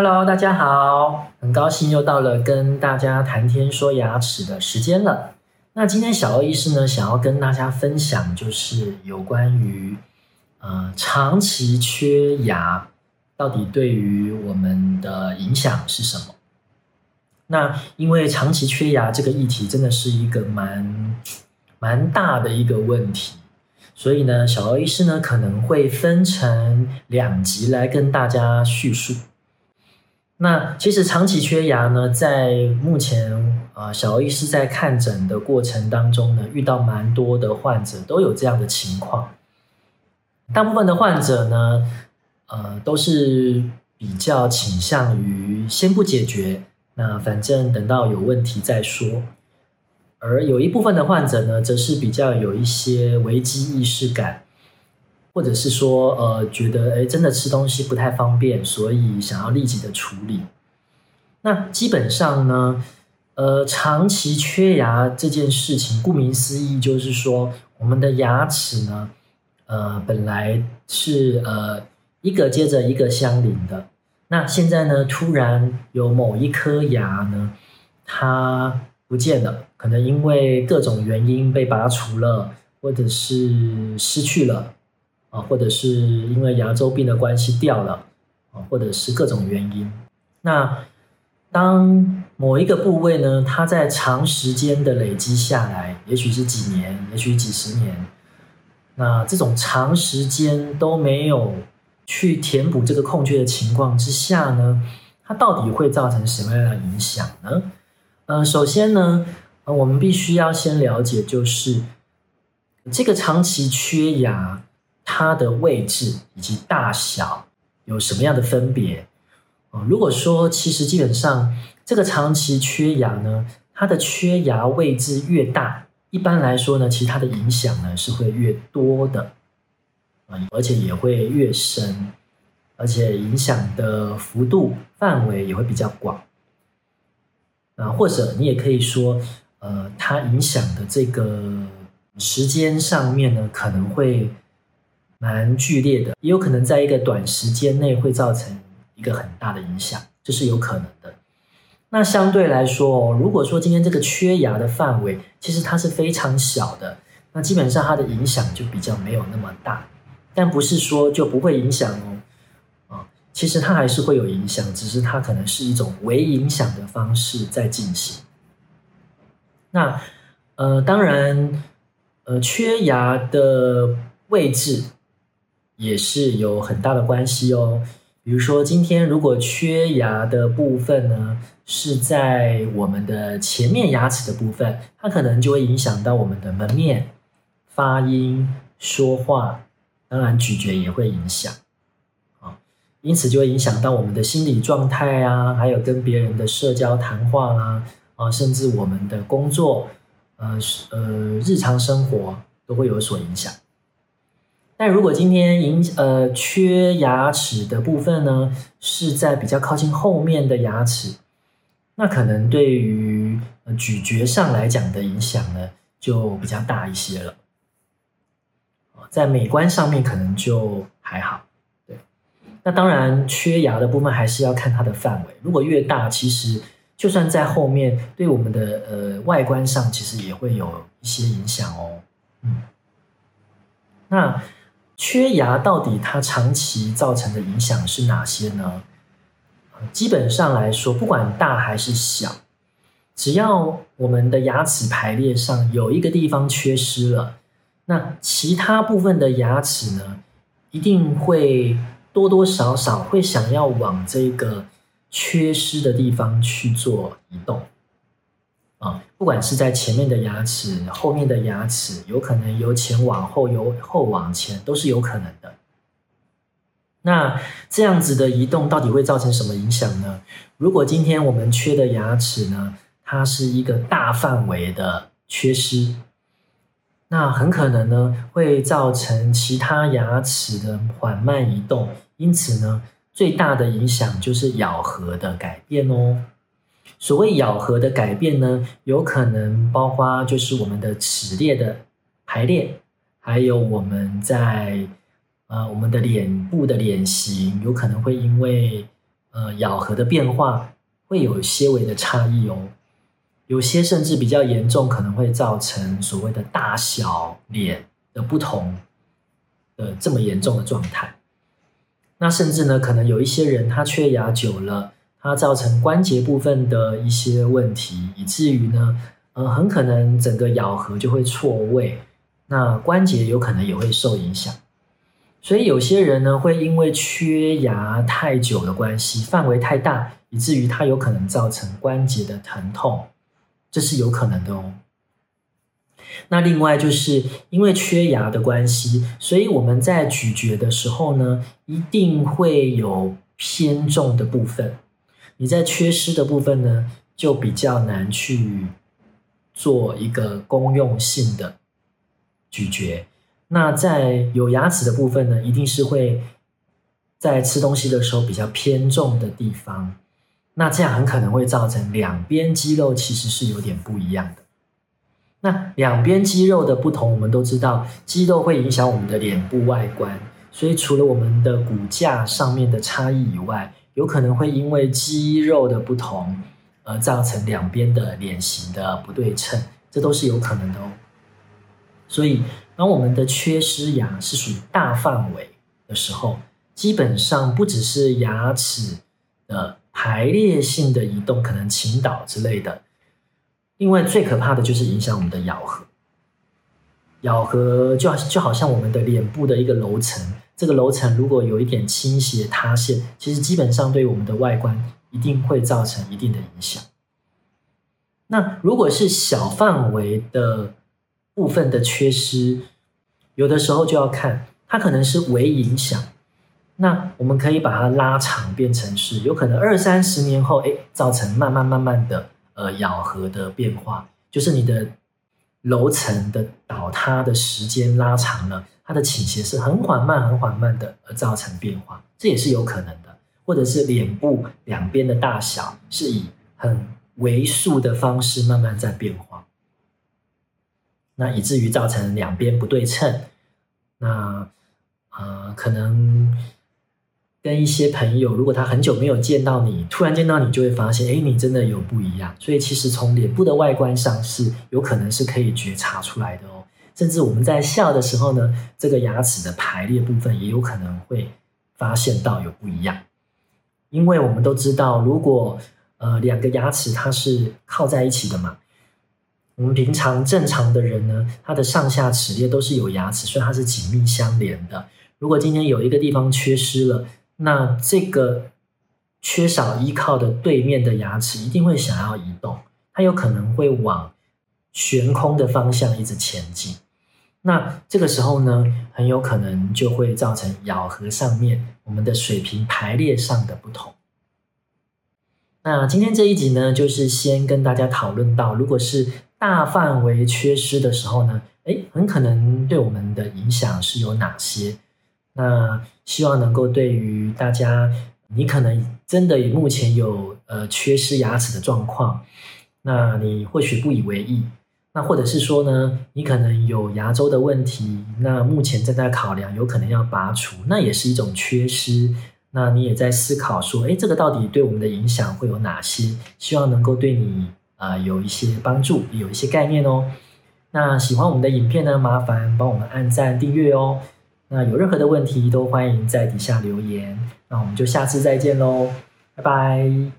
Hello，大家好，很高興又到了跟大家談天說牙齒的時間了。那今天小歐醫師呢，想要跟大家分享，就是有關於呃長期缺牙到底對於我們的影響是什麼？那因為長期缺牙這個議題真的是一個蠻蠻大的一個問題，所以呢，小歐醫師呢可能會分成兩集來跟大家敘述。那其實長期缺牙呢，在目前，呃，小歐醫師在看診的過程當中呢，遇到蠻多的患者都有這樣的情況。大部分的患者呢，呃，都是比較傾向於先不解決，那反正等到有問題再說。而有一部分的患者呢，則是比較有一些危機意識感。或者是說，呃，覺得誒真的吃東西不太方便，所以想要立即的處理。那基本上呢，呃，長期缺牙這件事情，顧名思義，就是說我們的牙齒呢，呃，本來是呃一個接着一個相鄰的。那現在呢，突然有某一顆牙呢，它不見了，可能因為各種原因被拔除了，或者是失去了。啊，或者是因為牙周病的關係掉了，或者是各種原因。那當某一個部位呢，它在長時間的累積下來，也許是幾年，也許幾十年，那這種長時間都沒有去填補這個空缺的情況之下呢，它到底會造成什麼樣的影響呢？呃，首先呢，呃，我們必須要先了解，就是這個長期缺牙。它的位置以及大小有什麼樣的分別？呃、如果說其實基本上這個長期缺牙呢，它的缺牙位置越大，一般來說呢，其實它的影響呢是會越多的，呃、而且也會越深，而且影響的幅度範圍也會比較廣啊，呃，或者你也可以說，呃，它影響的這個時間上面呢，可能會。蠻劇烈的，也有可能在一個短時間內會造成一個很大的影響，這是有可能的。那相對來說，如果說今天這個缺牙的範圍，其實它是非常小的，那基本上它的影響就比較沒有那麼大，但不是說就不會影響哦。啊，其實它還是會有影響，只是它可能是一種微影響的方式在進行。那呃，當然呃，缺牙的位置。也是有很大的關係哦。比如說，今天如果缺牙的部分呢，是在我們的前面牙齒的部分，它可能就會影響到我們的門面、發音、說話，當然咀嚼也會影響啊。因此就會影響到我們的心理狀態啊，還有跟別人的社交談話啦，啊，啊，甚至我們的工作，呃呃，日常生活都會有所影響。但如果今天影呃缺牙齒的部分呢，是在比較靠近後面的牙齒，那可能對於咀嚼上來講的影響呢就比較大一些了。在美觀上面可能就還好，對。那當然缺牙的部分還是要看它的範圍，如果越大，其實就算在後面對我們的呃外觀上，其實也會有一些影響哦。嗯，那。缺牙到底它長期造成的影響是哪些呢？基本上來說，不管大還是小，只要我們的牙齒排列上有一個地方缺失了，那其他部分的牙齒呢，一定會多多少少會想要往這個缺失的地方去做移動。啊、嗯，不管是在前面的牙齒、後面的牙齒，有可能由前往後，由後往前，都是有可能的。那這樣子的移動到底會造成什麼影響呢？如果今天我們缺的牙齒呢，它是一個大範圍的缺失，那很可能呢會造成其他牙齒的緩慢移動。因此呢，最大的影響就是咬合的改變哦。所謂咬合的改變呢，有可能包括就是我們的齒列的排列，還有我們在呃我們的臉部的臉型，有可能會因為呃咬合的變化會有些微的差異哦，有些甚至比較嚴重，可能會造成所謂的大小臉的不同的、呃、這麼嚴重的狀態。那甚至呢，可能有一些人他缺牙久了。那造成關節部分的一些問題，以至於呢，呃，很可能整個咬合就會錯位，那關節有可能也會受影響。所以有些人呢，會因為缺牙太久的關係，範圍太大，以至於它有可能造成關節的疼痛，這是有可能的哦。那另外就是因為缺牙的關係，所以我們在咀嚼的時候呢，一定會有偏重的部分。你在缺失的部分呢，就比較難去做一個功用性的咀嚼。那在有牙齒的部分呢，一定是會在吃東西的時候比較偏重的地方。那這樣很可能會造成兩邊肌肉其實是有點不一樣的。那兩邊肌肉的不同，我們都知道，肌肉會影響我們的臉部外觀。所以除了我們的骨架上面的差異以外，有可能會因為肌肉的不同而造成兩邊的臉型的不對稱，這都是有可能的哦。所以，當我們的缺失牙是屬於大範圍的時候，基本上不只是牙齒的排列性的移動，可能傾倒之類的。另外，最可怕的就是影響我們的咬合，咬合就好就好像我們的臉部的一個樓層。這個樓層如果有一點傾斜塌陷，其實基本上對我們的外觀一定會造成一定的影響。那如果是小範圍的部分的缺失，有的時候就要看它可能是微影響。那我們可以把它拉長，變成是有可能二三十年後，哎、欸，造成慢慢慢慢的呃咬合的變化，就是你的樓層的倒塌的時間拉長了。它的傾斜是很緩慢、很緩慢的，而造成變化，這也是有可能的。或者是臉部兩邊的大小是以很微數的方式慢慢在變化，那以至於造成兩邊不對稱。那啊、呃，可能跟一些朋友，如果他很久沒有見到你，突然見到你，就會發現，哎、欸，你真的有不一樣。所以其實從臉部的外觀上是有可能是可以覺察出來的哦。甚至我們在笑的時候呢，這個牙齒的排列部分也有可能會發現到有不一樣，因為我們都知道，如果呃兩個牙齒它是靠在一起的嘛，我們平常正常的人呢，他的上下齒列都是有牙齒，所以它是緊密相連的。如果今天有一個地方缺失了，那這個缺少依靠的對面的牙齒一定會想要移動，它有可能會往懸空的方向一直前進。那這個時候呢，很有可能就會造成咬合上面我們的水平排列上的不同。那今天這一集呢，就是先跟大家討論到，如果是大範圍缺失的時候呢，誒，很可能對我們的影響是有哪些？那希望能夠對於大家，你可能真的目前有呃缺失牙齒的狀況，那你或許不以為意。那或者是說呢，你可能有牙周的問題，那目前正在考量，有可能要拔除，那也是一種缺失。那你也在思考說，哎，這個到底對我們的影響會有哪些？希望能夠對你啊、呃、有一些幫助，有一些概念哦。那喜歡我們的影片呢，麻煩幫我們按贊、訂閱哦。那有任何的問題都歡迎在底下留言。那我們就下次再見嘍，拜拜。